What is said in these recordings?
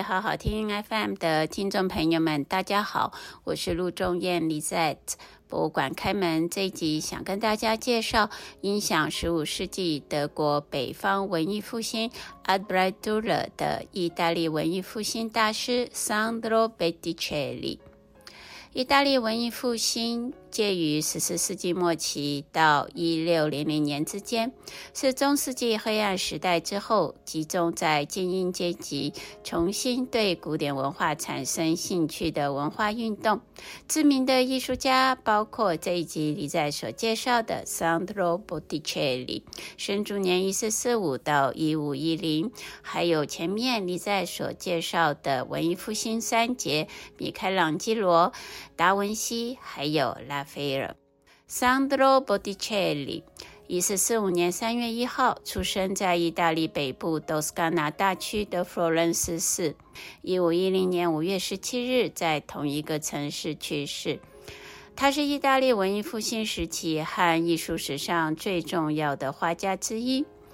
好好聽 FM 的聽眾朋友們，大家好，我是陸仲燕 Lizette。博物館開門這一集，想跟大家介紹影響15世紀德國北方文藝復興 Albrecht Dürer 的意大利文藝復興大師 Sandro Botticelli。意大利文藝復興。介於十四世紀末期到一六零零年之間，是中世紀黑暗時代之後，集中在精英階級，重新對古典文化產生興趣的文化運動。知名的藝術家包括這一集裡在所介紹的 Sandro Botticelli，生卒年一四四五到一五一零，還有前面裡在所介紹的文藝復興三傑——米開朗基羅。達文西，還有拉斐爾，Sandro Botticelli，一四四五年三月一號出生在意大利北部多斯干納大區的佛羅倫斯市，一五一零年五月十七日在同一個城市去世。他是意大利文藝復興時期和藝術史上最重要的畫家之一。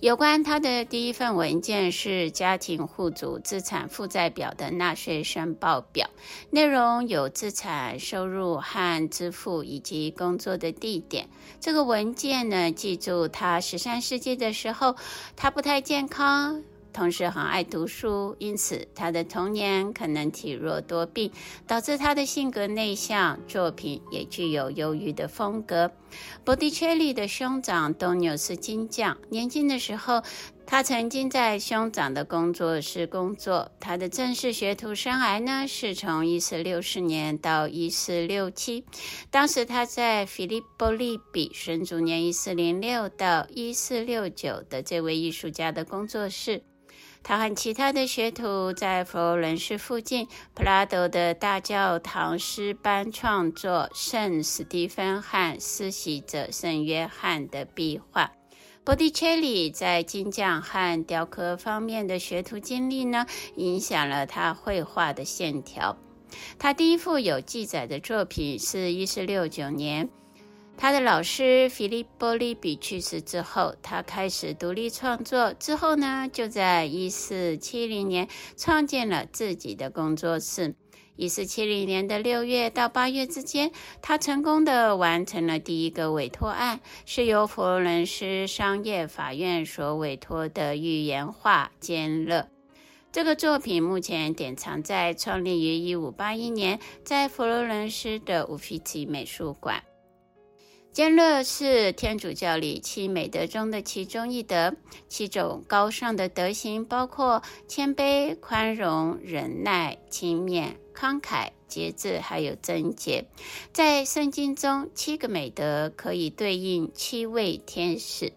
有關他的第一份文件，是家庭戶主資產負債表的納稅申報表，內容有資產、收入和支付以及工作的地點。這個文件呢，記住他十三世紀的時候，他不太健康。同時很愛讀書，因此他的童年可能體弱多病，導致他的性格內向，作品也具有憂鬱的風格。波迪切利的兄長東紐是金匠，年輕的時候他曾經在兄長的工作室工作。他的正式學徒生涯呢，是從一四六四年到一四六七，當時他在菲利波利比，生卒年一四零六到一四六九的這位藝術家的工作室。他和其他的學徒在佛羅倫斯附近普拉多的大教堂詩班創作聖斯蒂芬和施洗者聖約翰的壁畫。波蒂切利在金匠和雕刻方面的學徒經歷呢，影響了他繪畫的線條。他第一幅有記載的作品是1469年。他的老師菲利波·利比去世之後，他開始獨立創作。之後呢，就在1470年創建了自己的工作室。1470年的6月到8月之間，他成功的完成了第一個委托案，是由佛羅倫斯商業法院所委托的寓言畫《堅韌》。這個作品目前典藏在創立於1581年在佛羅倫斯的烏菲茲美術館。堅韌是天主教裡七美德中的其中一德。七種高尚的德行包括謙卑、寬容、忍耐、勤勉、慷慨、節制，還有貞潔。在聖經中，七個美德可以對應七位天使。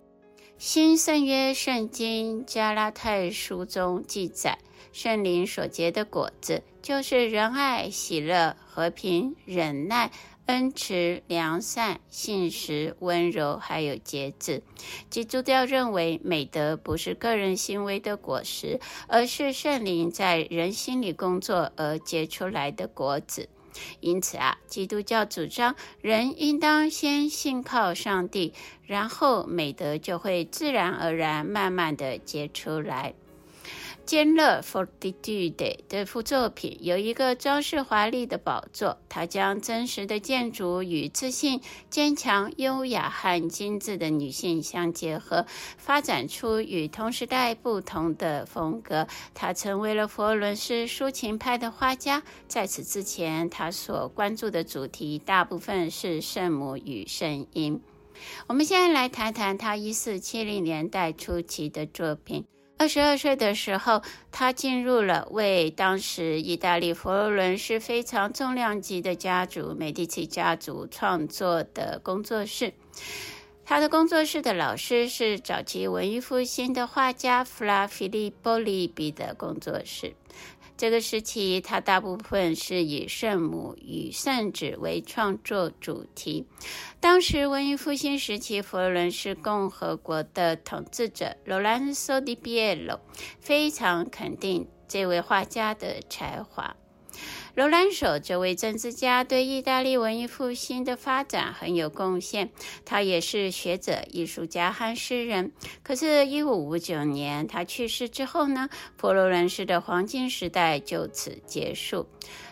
新聖約聖經加拉太書中記載，聖靈所結的果子就是仁愛、喜樂、和平、忍耐。恩慈、良善、信實、溫柔，還有節制。基督教認為，美德不是個人行為的果實，而是聖靈在人心裡工作而結出來的果子。因此啊，基督教主張人應當先信靠上帝，然後美德就會自然而然、慢慢地結出來。《堅韌 Fortitude》這幅作品有一個裝飾華麗的寶座，他將真實的建築與自信、堅強、優雅和精緻的女性相結合，發展出與同時代不同的風格。他成為了佛羅倫斯抒情派的畫家。在此之前，他所關注的主題大部分是聖母與聖嬰。我們現在來談談他一四七零年代初期的作品。二十二歲的時候，他進入了為當時意大利佛羅倫斯非常重量級的家族——美第奇家族創作的工作室。他的工作室的老師是早期文藝復興的畫家弗拉·菲利波利比的工作室。這個時期，他大部分是以聖母與聖子為創作主題。當時文藝復興時期，佛羅倫斯共和國的統治者 Lorenzo di Piero 非常肯定這位畫家的才華。Lorenzo 這位政治家對意大利文藝復興的發展很有貢獻，他也是學者、藝術家和詩人。可是，一五五九年他去世之後呢，佛羅倫斯的黃金時代就此結束。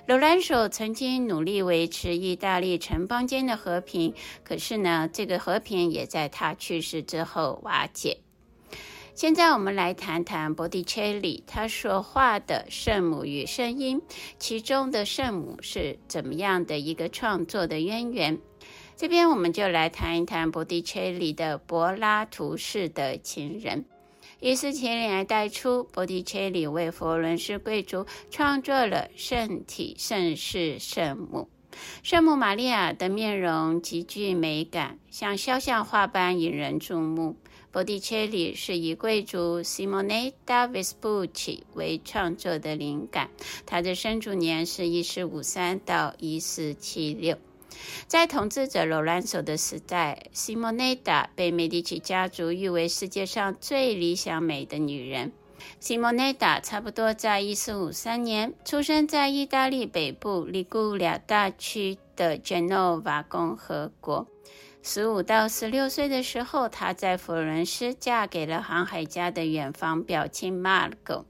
Lorenzo 曾經努力維持意大利城邦間的和平，可是呢，這個和平也在他去世之後瓦解。現在我們來談談波提切利他所畫的《聖母與聖嬰》，其中的聖母是怎麼樣的一個創作的淵源？這邊我們就來談一談波提切利的《柏拉圖式的情人》。一四七零年代初，波提切利為佛羅倫斯貴族創作了《聖體聖事聖母》，聖母瑪利亞的面容極具美感，像肖像畫般引人注目。波蒂切利，是以貴族 Simonetta Vespucci 為創作的靈感，他的生卒年是1453到1476。在統治者羅蘭索的時代，Simonetta 被梅迪奇家族譽為世界上最理想美的女人。Simonetta 差不多在1453年出生在意大利北部利古里亞大區的 Genova 共和國。十五到十六歲的時候，她在佛羅倫斯嫁給了航海家的遠房表親 m a Marco，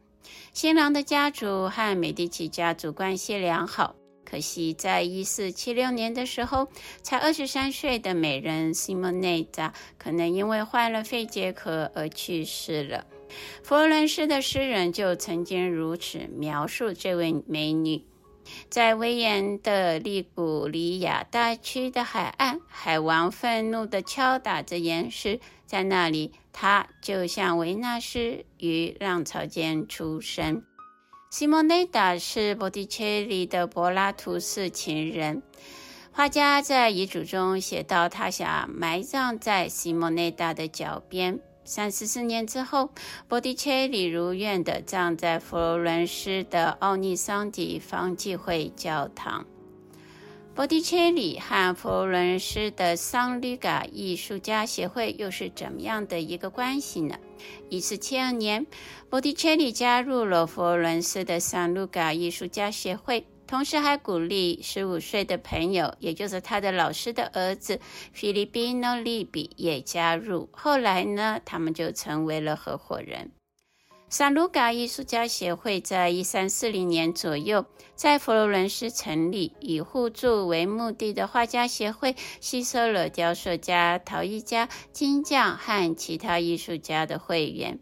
新郎的家族和美第奇家族關係良好。可惜，在一四七六年的時候，才二十三歲的美人西蒙內扎可能因為患了肺結核而去世了。佛羅倫斯的詩人就曾經如此描述這位美女。在威嚴的利古里亞大區的海岸，海王憤怒地敲打着岩石。在那裡，他就像維納斯於浪潮間出生。西莫內達是波提切利的柏拉圖式情人。畫家在遺囑中寫道：“他想埋葬在西莫內達的腳邊。”三十四年之後，波提切利如願地葬在佛羅倫斯的奧尼桑迪方濟會教堂。波提切利和佛羅倫斯的桑盧卡藝術家協會又是怎麼樣的一個關係呢？一四七二年，波提切利加入了佛羅倫斯的桑盧卡藝術家協會。同時還鼓勵十五歲的朋友，也就是他的老師的兒子 Filippino Lippi 也加入。後來呢，他們就成為了合夥人。San Luca 藝術家協會在一三四零年左右在佛羅倫斯成立，以互助為目的的畫家協會，吸收了雕塑家、陶藝家、金匠和其他藝術家的會員。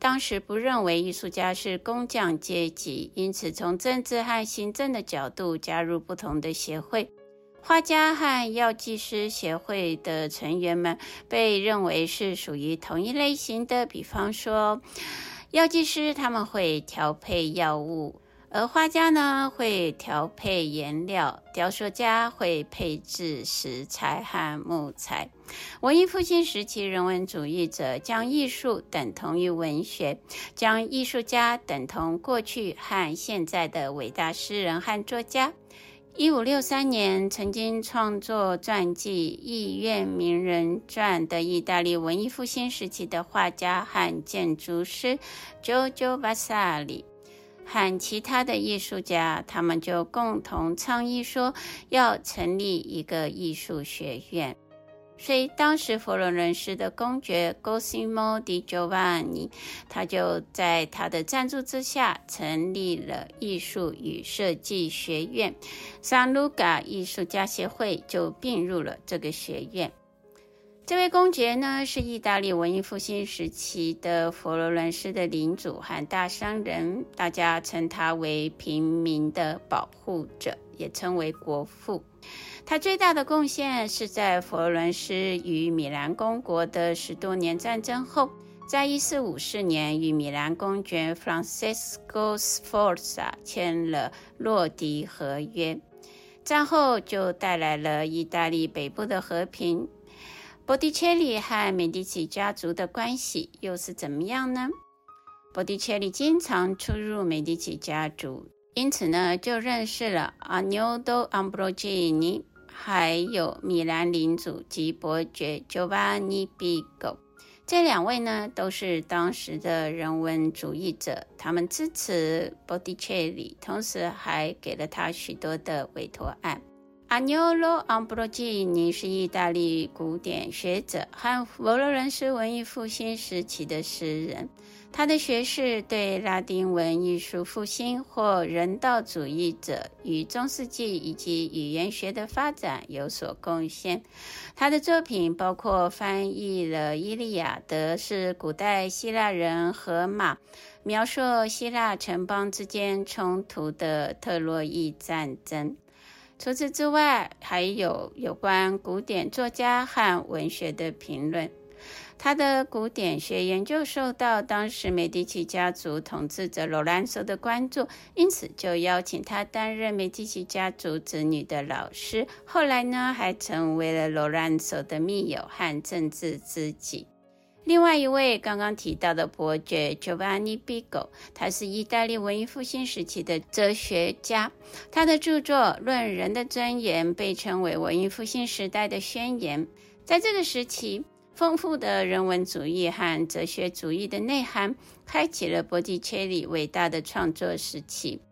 當時不認為藝術家是工匠階級，因此從政治和行政的角度加入不同的協會。畫家和藥劑師協會的成員們被認為是屬於同一類型的，比方說，藥劑師他們會調配藥物。而畫家呢，會調配顏料；雕塑家會配置石材和木材。文藝復興時期人文主義者將藝術等同於文學，將藝術家等同過去和現在的偉大詩人和作家。一五六三年，曾經創作傳記《藝苑名人傳》的意大利文藝復興時期的畫家和建築師喬喬·瓦薩里。和其他的藝術家，他們就共同倡議說要成立一個藝術學院。所以，當時佛羅倫斯的公爵 Cosimo di Giovanni，他就在他的贊助之下成立了藝術與設計學院。San Luca 藝術家協會就併入了這個學院。這位公爵呢，是意大利文藝復興時期的佛羅倫斯的領主和大商人，大家稱他為平民的保護者，也稱為國父。他最大的貢獻是在佛羅倫斯與米蘭公國的十多年戰爭後，在一四五四年與米蘭公爵 Francesco Sforza 簽了洛迪合約，戰後就帶來了意大利北部的和平。波提切利和美第奇家族的關係又是怎麼樣呢？波提切利經常出入美第奇家族，因此呢，就認識了阿牛多·安布羅基尼，還有米蘭領主及伯爵喬瓦尼·比戈。這兩位呢，都是當時的人文主義者，他們支持波提切利，同時還給了他許多的委托案。阿尼奧洛·昂布羅吉尼是意大利古典學者，和佛羅倫斯文藝復興時期的詩人。他的學識對拉丁文藝術復興或人道主義者與中世紀以及語言學的發展有所貢獻。他的作品包括翻譯了《伊利亞德》，是古代希臘人荷馬描述希臘城邦之間衝突的特洛伊戰爭。除此之外，還有有關古典作家和文學的評論。他的古典學研究受到當時美第奇家族統治者羅蘭索的關注，因此就邀請他擔任美第奇家族子女的老師。後來呢，還成為了羅蘭索的密友和政治知己。另外一位剛剛提到的伯爵 Giovanni Bigo 他是意大利文藝復興時期的哲學家。他的著作《論人的尊嚴》被稱為文藝復興時代的宣言。在這個時期，豐富的人文主義和哲學主義的內涵，開啟了波提切利偉大的創作時期。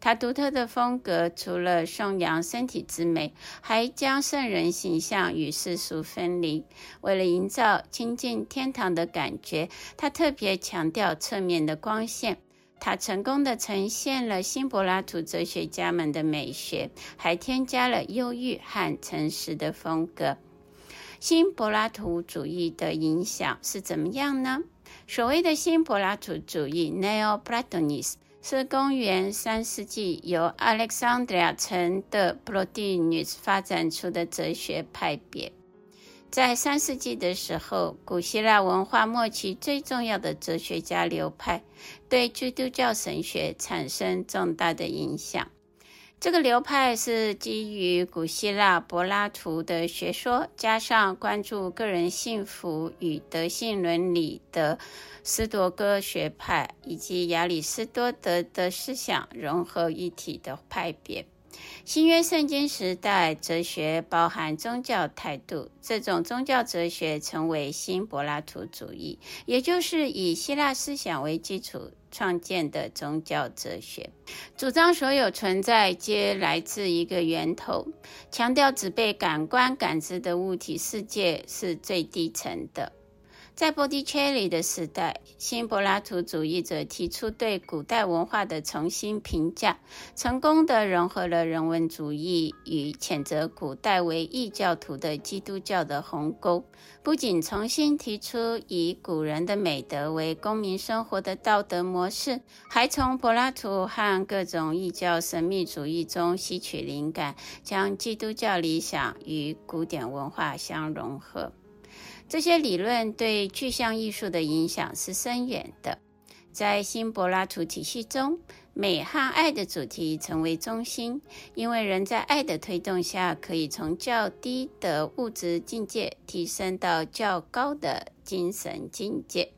他獨特的風格除了頌揚身體之美，還將聖人形象與世俗分離。為了營造親近天堂的感覺，他特別強調側面的光線。他成功地呈現了新柏拉圖哲學家們的美學，還添加了憂鬱和誠實的風格。新柏拉圖主義的影響是怎麼樣呢？所謂的新柏拉圖主義 n e o p l a t o n i s 是公元三世紀由 Alexandria 城的 Plotinus 發展出的哲學派別，在三世紀的時候，古希臘文化末期最重要的哲學家流派，對基督教神學產生重大的影響。這個流派是基於古希臘柏拉圖的學說，加上關注個人幸福與德性倫理的斯多葛學派，以及亞里士多德的思想融合一體的派別。新約聖經時代哲學包含宗教態度，這種宗教哲學成為新柏拉圖主義，也就是以希臘思想為基礎創建的宗教哲學。主張所有存在皆來自一個源頭，強調只被感官感知的物體世界是最低層的。在 Botticelli 的時代，新柏拉圖主義者提出對古代文化的重新評價，成功的融合了人文主義與譴責古代為異教徒的基督教的鴻溝。不僅重新提出以古人的美德為公民生活的道德模式，還從柏拉圖和各種異教神秘主義中吸取靈感，將基督教理想與古典文化相融合。這些理論對具象藝術的影響是深遠的。在新柏拉圖體系中，美和愛的主題成為中心，因為人在愛的推動下，可以從較低的物質境界提升到較高的精神境界。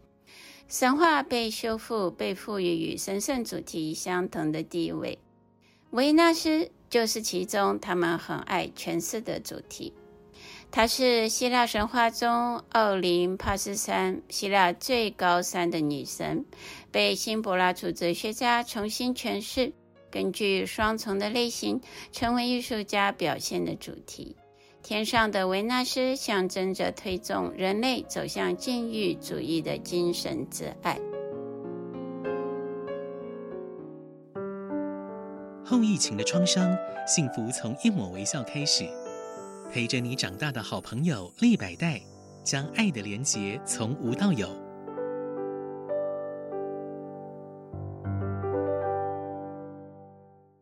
神話被修復，被賦予與神聖主題相同的地位。維納斯就是其中他們很愛詮釋的主題。她是希臘神話中奧林帕斯山（希臘最高山）的女神，被新柏拉圖哲學家重新詮釋。根據雙重的類型，成為藝術家表現的主題。天上的維納斯象徵着推動人類走向禁欲主義的精神之愛。後疫情的創傷，幸福從一抹微笑開始。陪着你長大的好朋友利百代，將愛的連結從無到有。